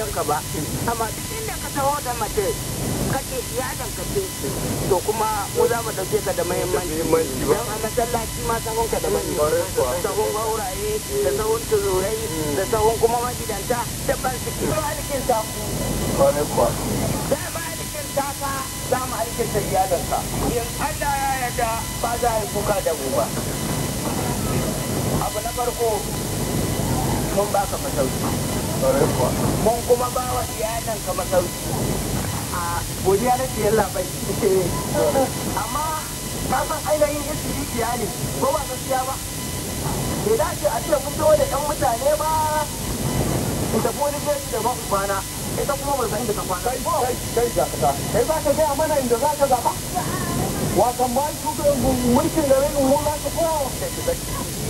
gidanka ba amma duk inda ka taho da mace kake iyalin ka ce to kuma mu za mu dauke ka da muhimmanci don a masallaci ma sahun ka da muhimmanci sahun gauraye da sahun tururai mm. da sahun kuma magidanta da ban su ki ba alikin ta da ba alikin ta fa za mu alikin ta iyalinka in Allah ya yarda ba za a yi kuka da mu ba abu na farko mun baka masauki mun kuma ba wa iyalan ka masauki a godiya na ciyar labai amma ka san ainihin isiri ne. ko ba gaskiya ba bai dace a ce mun da yan mutane ba in tafi wani da ban kwana ita kuma ba da ta kwana kai kai kai za ka gaya mana inda za ka zaba wasan bayan shugaban mulkin garin mun ka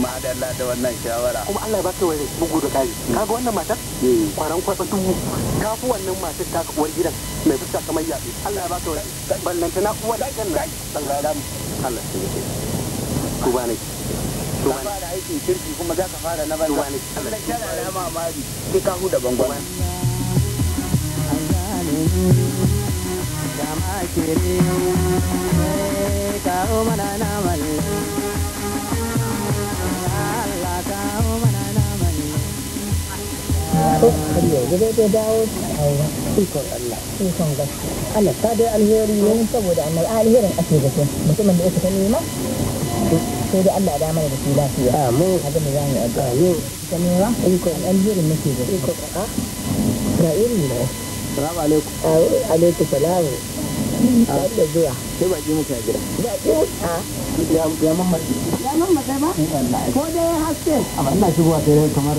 madalla da wannan shawara kuma Allah ya baka wani bugu da kai mm. kaga wannan matar mm. kwaran kwaba dubu ta fi wannan matar ta uwar gidan mai fuska kamar yaɓe Allah ya baka wani ballanta na da kan nan san Allah ya yi ku ba ne ka fara aikin kirki kuma za ka fara na banza Allah ya kira mamari sai ka huda bangon Kau mana na har dawo a ikon Allah ikon gaske Allah ta dai alheri ne saboda annabi alherin ake gaske mutumin da yake ta nema Allah da shi lafiya ta nema alherin nake da ka irin ne assalamu alaikum alaikum salam da zuwa sai muka gida a ya mamma ya mamma ba ko dai haske amma ina shigowa sai kamar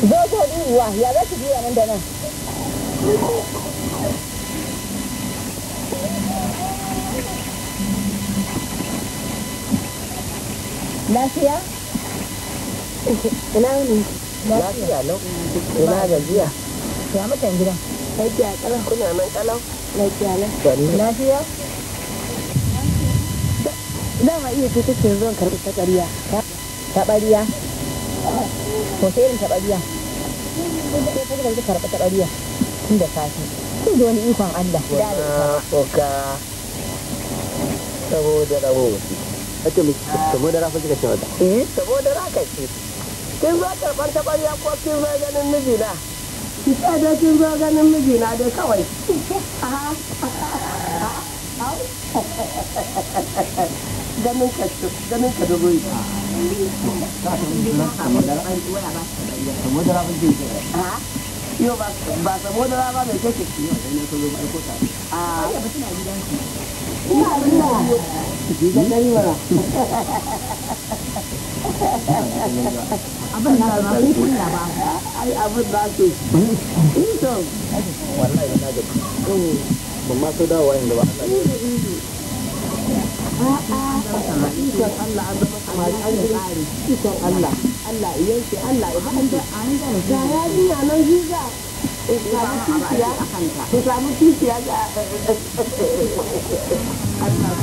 zo ko ɗiriwa ya za ki biya nan da nan lafiya ina ne lafiya lau ina gajiya ya mutan gidan lafiya kalau kuna man kalau lafiya lau lafiya dama iya ce take zuwan karɓi ta ƙariya ta ɓariya wata irin taɓariya sai ta zuka karɓa taɓariya tun da safe tun da wani ikon Allah da da ita saboda rabo wata mai saboda rafa kika ce wata eh saboda raka ce kin zo karɓar taɓariya ko kin zo ganin mijina ki tsada kin zo ganin mijina dai kawai ganin ka ganin ka dubu samodara ban jin yau ba samodara ba mai ba ba ai abin da ke to wallahi na ga ko ban ma ba ikon Allah an zama samari an yi tsari ikon Allah Allah iyan shi Allah ya hanzu ga ya biya nan shi za samu tutiya ku samu tutiya ga Allah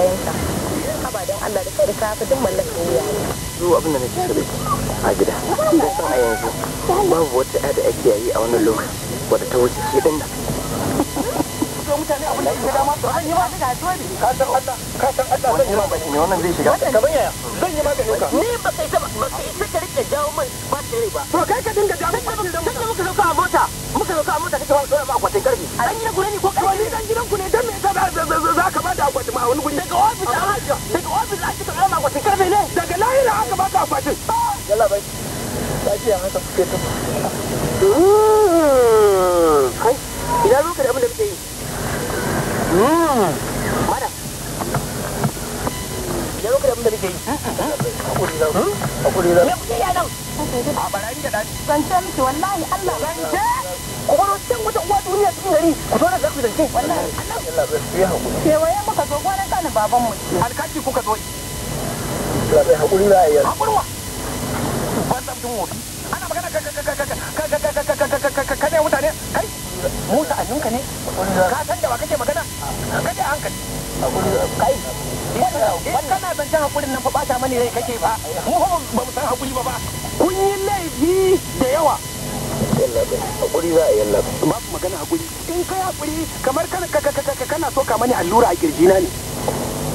kayanka haba don Allah da kai da kafa duk mallakar iyaye zo abin da nake so a gida ina san a yanzu babu wata ya da ake yayi a wannan lokaci wadda ta wuce ke din nan to mutane abin da ke dama to an yi ma da hajuwa ka san Allah ka san Allah zan yi ma baki wannan zai shiga kaman yaya zan yi ma ka ni ba kai ta ba kai ta rike jawo mai ba kai ba to kai ka dinga jawo mai dan a wani guri daga ofis daga ofis ake ta kama karfe ne daga lahira aka ka akwatin yalla bai lafiya haka kuke ta hmm. kai ina ruka da abin da muke yi hmm. ruka da abin da muke yi hmm, hakuri zau hakuri zau a barari da dani zance miki wallahi Allah zance wata uwa duniya cikin gari ku zo da za ku zance wallahi Allah ya muka zo gwanan kanin baban mu alkaci kuka zo Allah ya hakuri na ayyar hakuri wa ban da mutum wofi ana magana ka ka ka ka ka ka ka ne mutane kai musa annunka ne ka san da wa kake magana kaje hankali kai in kana zancen hakurin nan fa bata mani rai kake ba mu ba mu san hakuri ba ba kun yi laifi da yawa yalla hakuri za a yalla babu magana hakuri in kai hakuri kamar kana kana soka ka mani allura a kirji na ne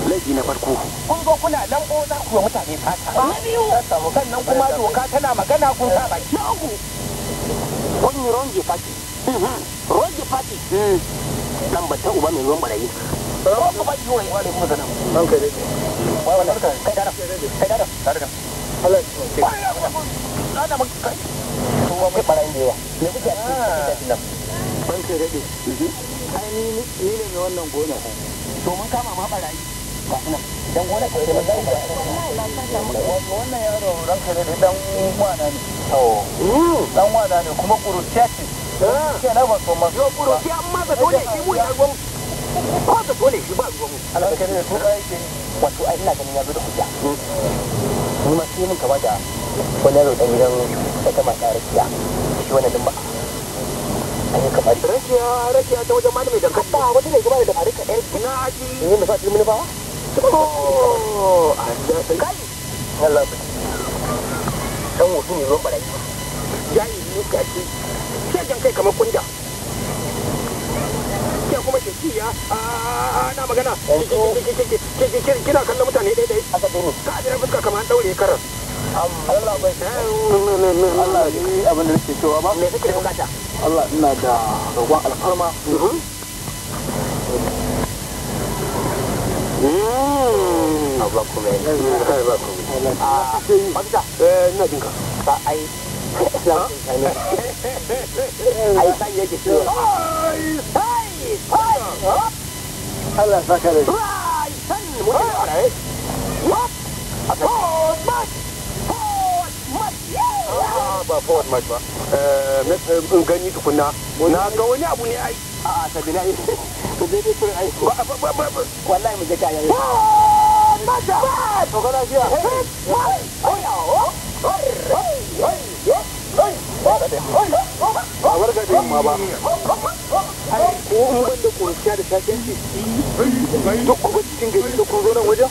laifi na farko kun zo kuna nan ko za ku mutane fata na biyu sannan kuma doka tana magana kun sa baki na uku kun yi ronge fati ronge fati hmm. dan bata uba mai ruwan barayi ko ku bari yoyi wa alaikum salam an kai dai da kai da kai da Allah ya kiyaye ana maka kuma akwai barayi da yawa me kuke a cikin tashin nan ban ke daɗe mhm. ai ni ne mai wannan gona to mun kama ma bala yi. ba nan dan gona ko da ba zai ba wannan yaro ranka da dan wana ne to dan mm. wana ne kuma kuruciya ce ke ah. na ba so ma yo kuruciya amma da dole shi mu ya gwam ko da dole shi ba gwam alaka ne to kai ke wato ai ina ganin ya zo da hujja mm. ni ma sai mun ka da. ko na roƙa gidan wata mata rakiya shi wani dumba ba an yi kamar rakiya rakiya ta wajen malamai da kafa wata ne da dabaru ka aji ne ko a da sun kai Allah ba dan ne zo barai yayi ne ka ce sai jan kai kamar kunja ke kuma ke ciya na magana kina kallon mutane ɗaya ɗaya ka a fuska kamar an ɗaure karar Allah bai ta Allah ji abin da nake cewa ba me kake bukata Allah ina da roƙon alfarma Allah kuma ya kai ba ku a fadda eh ina jinka ba ai Islam ne ai sai yake cewa ai sai ai Allah saka da ai san mu ne ai what ba forward march ba in gani tukuna na ga wani abu ne ai a sabina ai ku je dai ai wallahi mu je ta yayi ba ta ba to kana shi a warga da ba ba ba da ba da ba ba ba da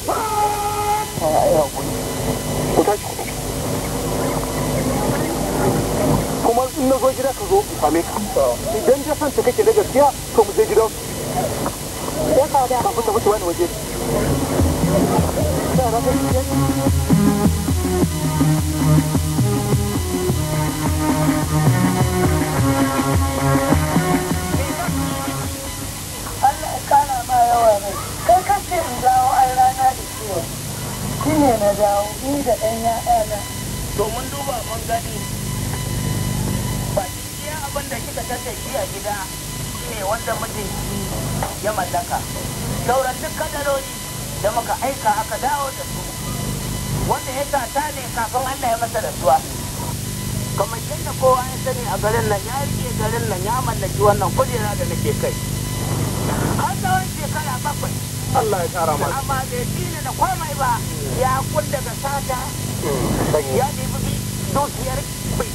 ba ba ba in na zo gida ka zo in same ka idan ka san ta kake na gaskiya to mu je gidan ya kawo da abin da mutu wani waje Shi ne na jawo ni da ɗan ya'yana. Domin duba mun gani abin da kika ta shi a gida shine wanda mutum ya mallaka sauran duk kadarori da muka aika aka dawo da su wanda ya tata ne kafin Allah ya masa rasuwa kamar yadda kowa ya sani a garin nan ya rike garin nan ya mallaki wannan kujera da nake kai har tsawon shekara bakwai Allah ya kara masa amma bai dina da komai ba ya kun daga sata mm, ya nemi dukiyar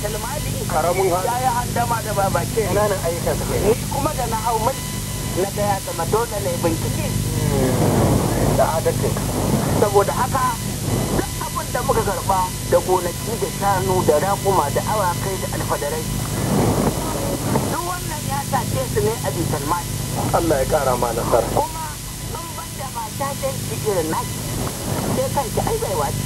talmali karamin hali ya yi handama da babace ƙananan ayyukan sa ni kuma da na hau mai na ga ya zama dole ne bincike hmm. da adalcin saboda haka duk abin da muka karba da gonaki da shanu da raƙuma da awakai da alfadarai duk wannan ya sace su ne a bitan mali Allah ya kara ma nasar kuma sun banda mata ta irin naki sai kanki ai baiwa ce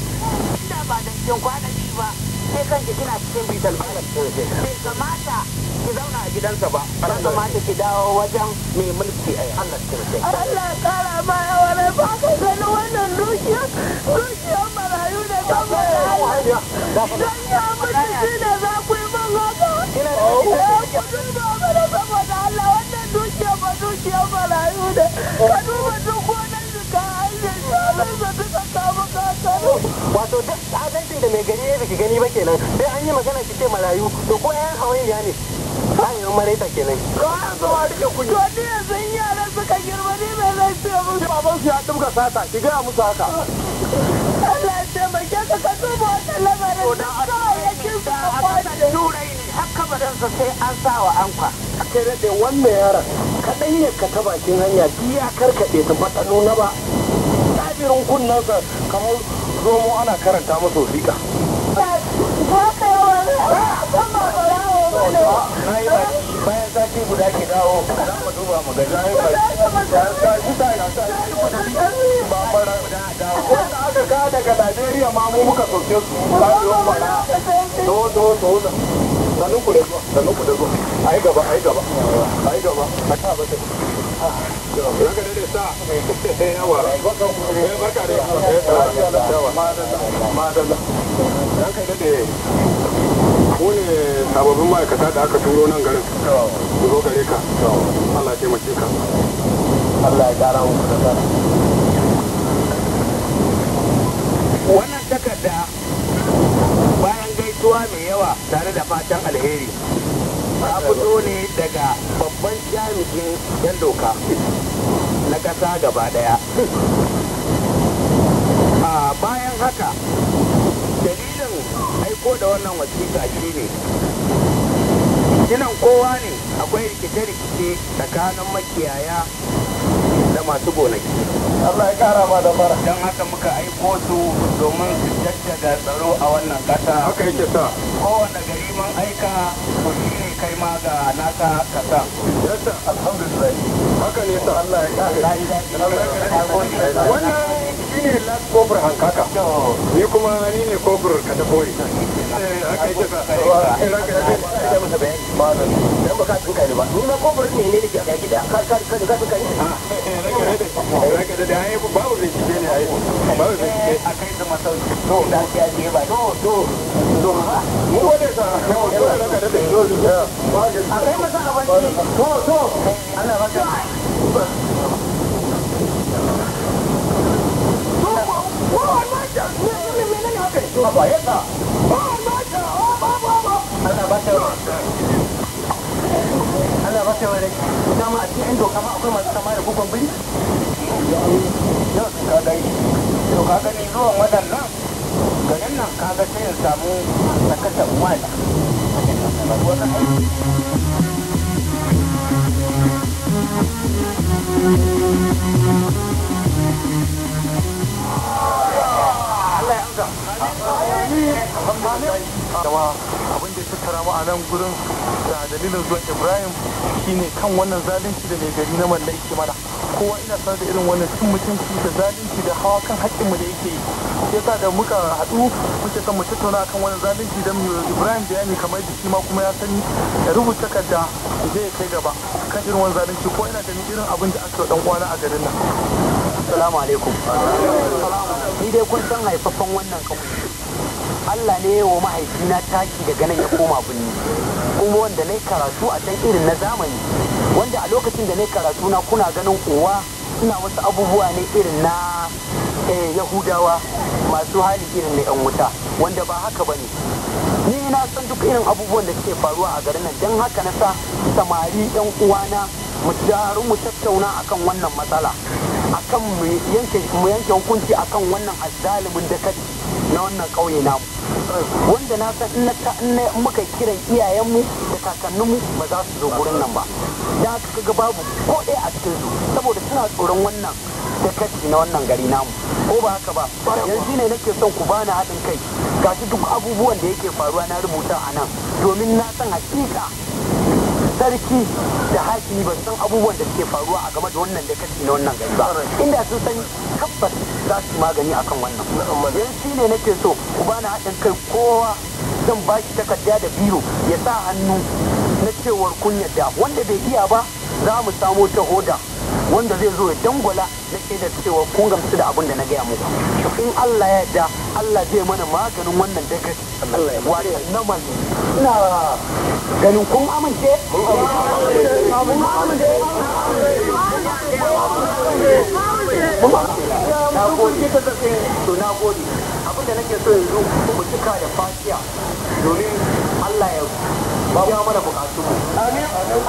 inda ba da cikin kwanaki ba ke kanki kina cikin bital malam bai kamata ki zauna a gidansa ba ba kamata ki dawo wajen mai mulki a Allah Allah kara ma yawa ne ba ka gani wannan dukiyar marayu da ta marayu dan ya mutu shi ne za ku yi man haka eh, ku saboda Allah wannan ba marayu ne ka duba wato duk adalcin da mai gari ya biki gani ba kenan sai an yi magana ki ce marayu to ko yan ya ne ayyukan maraita kenan to yanzu a rike kuɗi to ni yanzu yaran suka girma ni mai zai ce mun baban su ya dumka sata ki ga musu haka Allah ya taimake ka ka mu wannan lamarin da kawai ya kinsa a da turai ne haka ba dan sa sai an sa wa anka kai daɗe wannan yaran kaɗan ya ka ta bakin hanya k'i ya karkaɗe ta faɗa nuna ba tabirin kunnansa kamar zo mu ana karanta masa wasiƙa bayan sati guda ke dawo za mu duba mu ga daga Najeriya ma mu muka su yi ku da zuwa ku da zuwa ai gaba ai gaba ai gaba ta ba ta da sababbin ma'aikata da aka turo nan garin, ku zo gare ka, Allah ka. Allah ya da Wannan takarda bayan gaisuwa mai yawa tare da fatan alheri. ta fito ne daga babban jami'in yan doka na ƙasa gaba daya a bayan haka dalilin aiko da wannan wasiƙa shi ne ginin kowa ne akwai rikice-rikice tsakanin makiyaya da masu gonaki Allah ya kara ma da fara don haka muka aiko su domin su jajjaga tsaro a wannan ƙasa kowane gari mun aika su kai ma ga naka kasa yadda alhamdulillah haka ne sa Allah ya kare wannan shi ne hankaka ni kuma ni ne kofar katakori ne a haka ba yasa ta ba a cikin da gani Thank you. kuma abin da ya tattara a nan gurin da dalilin zuwan ibrahim shine kan wannan zalunci da mai gari na mallai ke mana kowa ina sanar da irin wannan cin mutunci da zalunci da hawa kan haƙƙinmu da yake yi yasa da muka haɗu muke son mu tattauna kan wannan zalunci don ibrahim bayani kamar da shi ma kuma ya sani ya rubuta takarda zai kai gaba kan irin wannan zalunci ko ina ganin irin abin da aka dan kwana a garin nan assalamu alaikum ni dai kun san haifaffen wannan kawai Allah ne wa mahaifina taki daga nan ya koma binni kuma wanda na karatu a can irin na zamani wanda a lokacin da na karatu na kuna ganin uwa suna wasu abubuwa ne irin na eh, yahudawa masu hali irin na yan wuta wanda ba haka ba ne ni na san duk irin abubuwan da suke faruwa a garin nan dan haka na sa samari yan uwana mu jaru mu tattauna akan wannan matsala akan mu yanke hukunci akan wannan azzalimin da kadi na wannan ƙauye namu wanda na san in muka kiran iyayenmu da kakanninmu ba za su zo gurin nan ba da aka kaga babu ko ɗaya a cikin su saboda suna tsoron wannan da kashi na wannan gari namu ko ba haka ba yanzu ne nake son ku bani haɗin kai gashi duk abubuwan da yake faruwa na rubuta a nan domin na san hakika sarki da hakimi ba san abubuwan da suke faruwa a game da wannan da kashi na wannan gari ba inda sun san tabbas za su magani kan wannan yan shi ne nake so ku bani haɗin kai kowa zan ba shi takarda da biro ya sa hannu na cewar kun yadda wanda bai iya ba za mu samo ta hoda wanda zai zo ya dangwala na ke da cewa kun gamsu da abin da na gaya muku in Allah ya yarda Allah zai mana maganin wannan daga wata ina ganin kun amince amince na gode ta na gode abin da nake so yanzu mu cika da domin Allah ya biya mana bukatu amin amin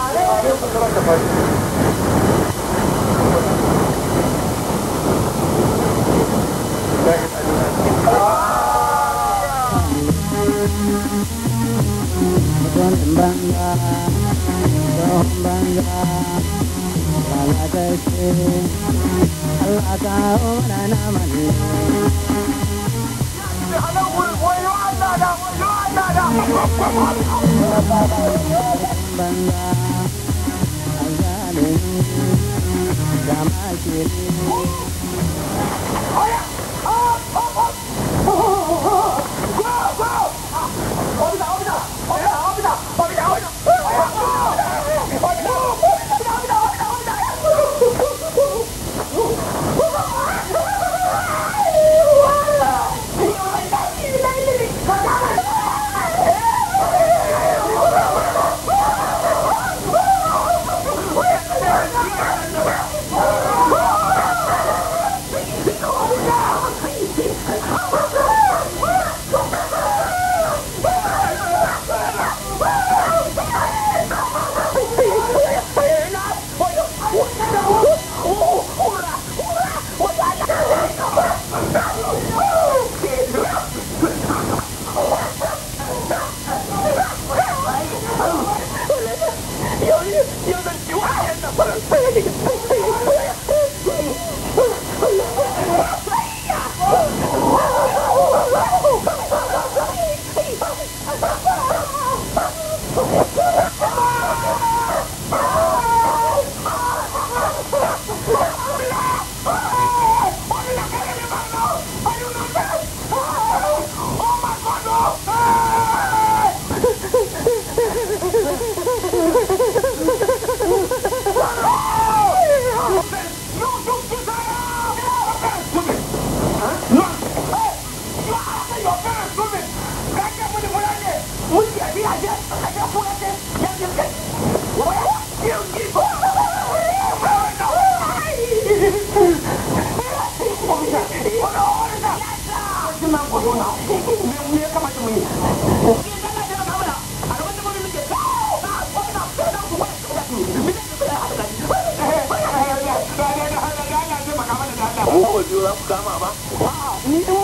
amin ku halakacce Allah ka na banza azalin da makiri suna corona me ya kamata mu yi in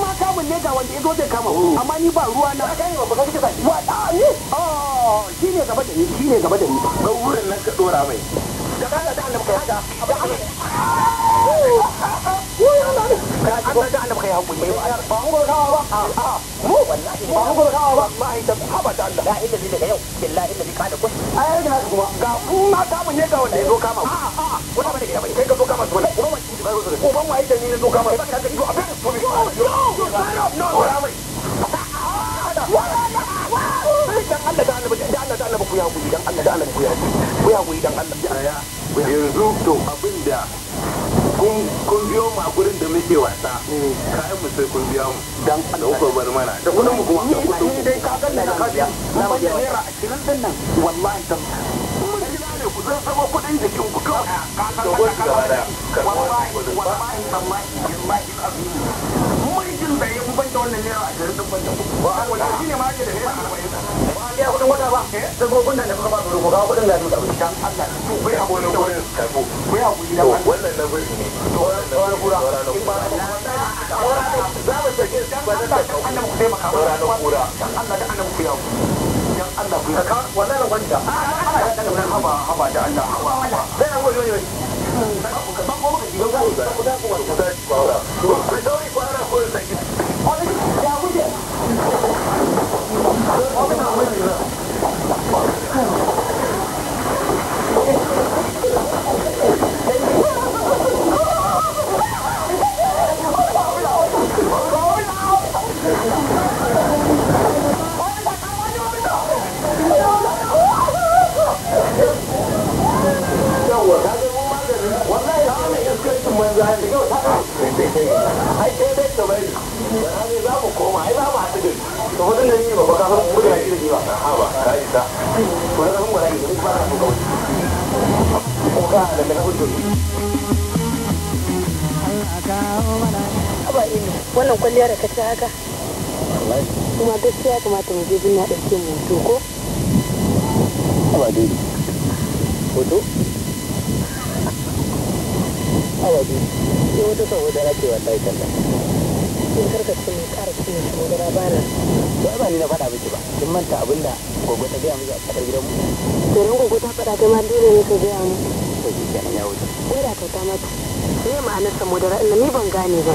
ma kamun ne ga wanda ya zo zai kama amma ni ba ruwa na kai ba ka kike sai wa ni oh shine gaba da ni shine gaba da ni ga wurin nan ka dora mai da kana da Allah ka haka abin ka da kai hakuri ba mu ba kawa ba a mu wallahi ba mu ba kawa ba wallahi da haba da Allah la inda zai daga yau billahi inda zai kada kai ai da haka kuma ga mun ma ka mun ne ga wanda ya zo kama a a wata bane ga kai ka zo kama dole kuma wani ba zo ko ban wai da ni na zo kama ba ka da ido a bai to bi no no no Allah da Allah da Allah da Allah ku ya ku dan Allah da Allah ku ya ku ya ku dan Allah yanzu to abinda kun biyo mu a gurin da muke wasa hmm. kayan mu sai kun biya mu dan al'uka bar mana da kudin mu kuma da kudin mu dai ka ga na ka na mu da naira 20 din nan wallahi ta mun jira ne ku zan saba kudin jikin ku kawai ka ka ka ka wallahi wallahi wallahi billahi azim mun jin da yan ban da wannan naira 20 din ban da ku wallahi shine ma ke da naira 40 biya kudin wata ba da gobin nan da kuka ba su rubu kudin gari da abin can Allah to bai hago ne wurin karbo bai hago ne wannan na bari ne to wannan kura in ba za mu sake ba da annabi ku taimaka ba ranar kura dan Allah da annabi ku yawo dan Allah ku ka wannan wanda ana da kana haba haba da Allah haba wannan sai an goyo ne ba ku ka ba ku ka ji ba ku da ku da ku wannan sai ku ba ku koma ai ba ba ta gari to wajen da ni ba ba ka san mu da shi ba ha ba ka yi ta to da mun gwada ni ba ka ko ko ka da ka hudu Aba ina eh, wannan kwalliya da ka ci haka. Kuma gaskiya kamata mu je bin na ɗauke mu hoto ko? Aba dai. Hoto? Aba dai. Sai wata sau da ake wallahi kallon. in karka cikin mai ƙara ce mai shigo ba na ba ba ni na faɗa miki ba kin manta abin da gogo ta gaya miki a ƙasar gidan mu to ran gogo ta faɗa kai ma dole ne ka gaya mu to shi kenan ya wuce ko da kyauta mata me ma'anar samudara ina ni ban gane ba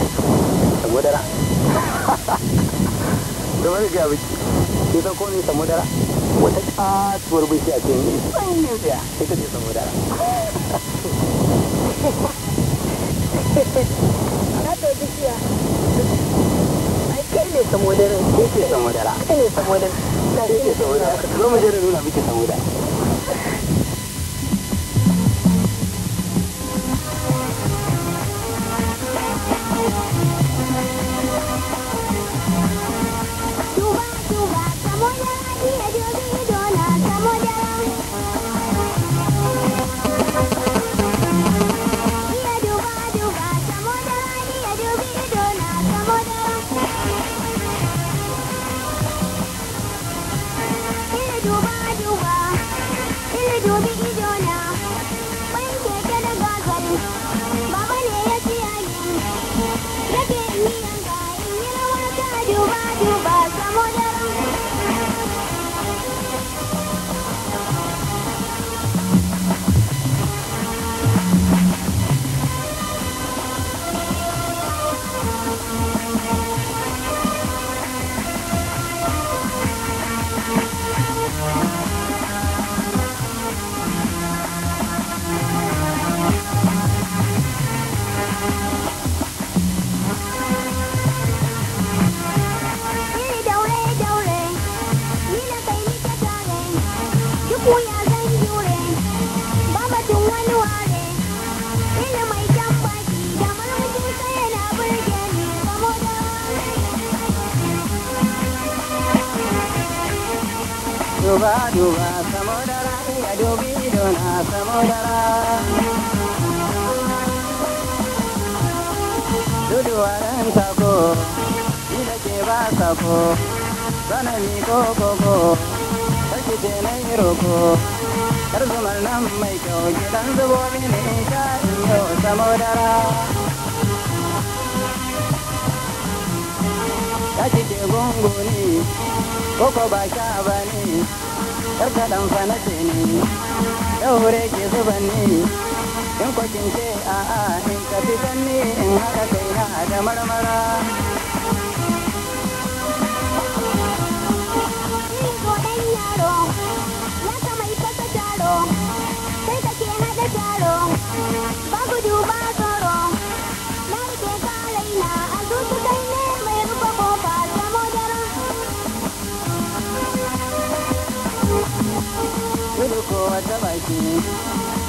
samudara da wani gaya miki ki san ko ne samudara wata katuwar bishiya ce ne sanyin tsaya ita ce samudara Thank you. ne samodara. Ke Ke Ke mu je nuna miki samodara. do ba do ba, illa do bi kuya zan jure ba batun wani ina mai kyan baki da ni duba duba samodara ya dubi dona samodara duduwaren sako ida ke ba sako sanani ko ko. kice na yi roko kar zumar nan mai kyau gidan zubo mini sha in yau samo dara ta cike gungu ne koko ba sha ba ne kar ka dan ne yau hure ke zuban ne in kwakin ce a'a in ka fitan ne in haka kaina na da marmara kowa ta baki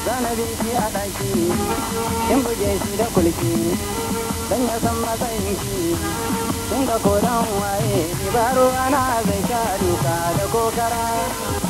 zanabi shi a ɗaki in buge shi da kulki dan ya san matsayin shi kin ga koran waye baro ana zai sha duka da kokara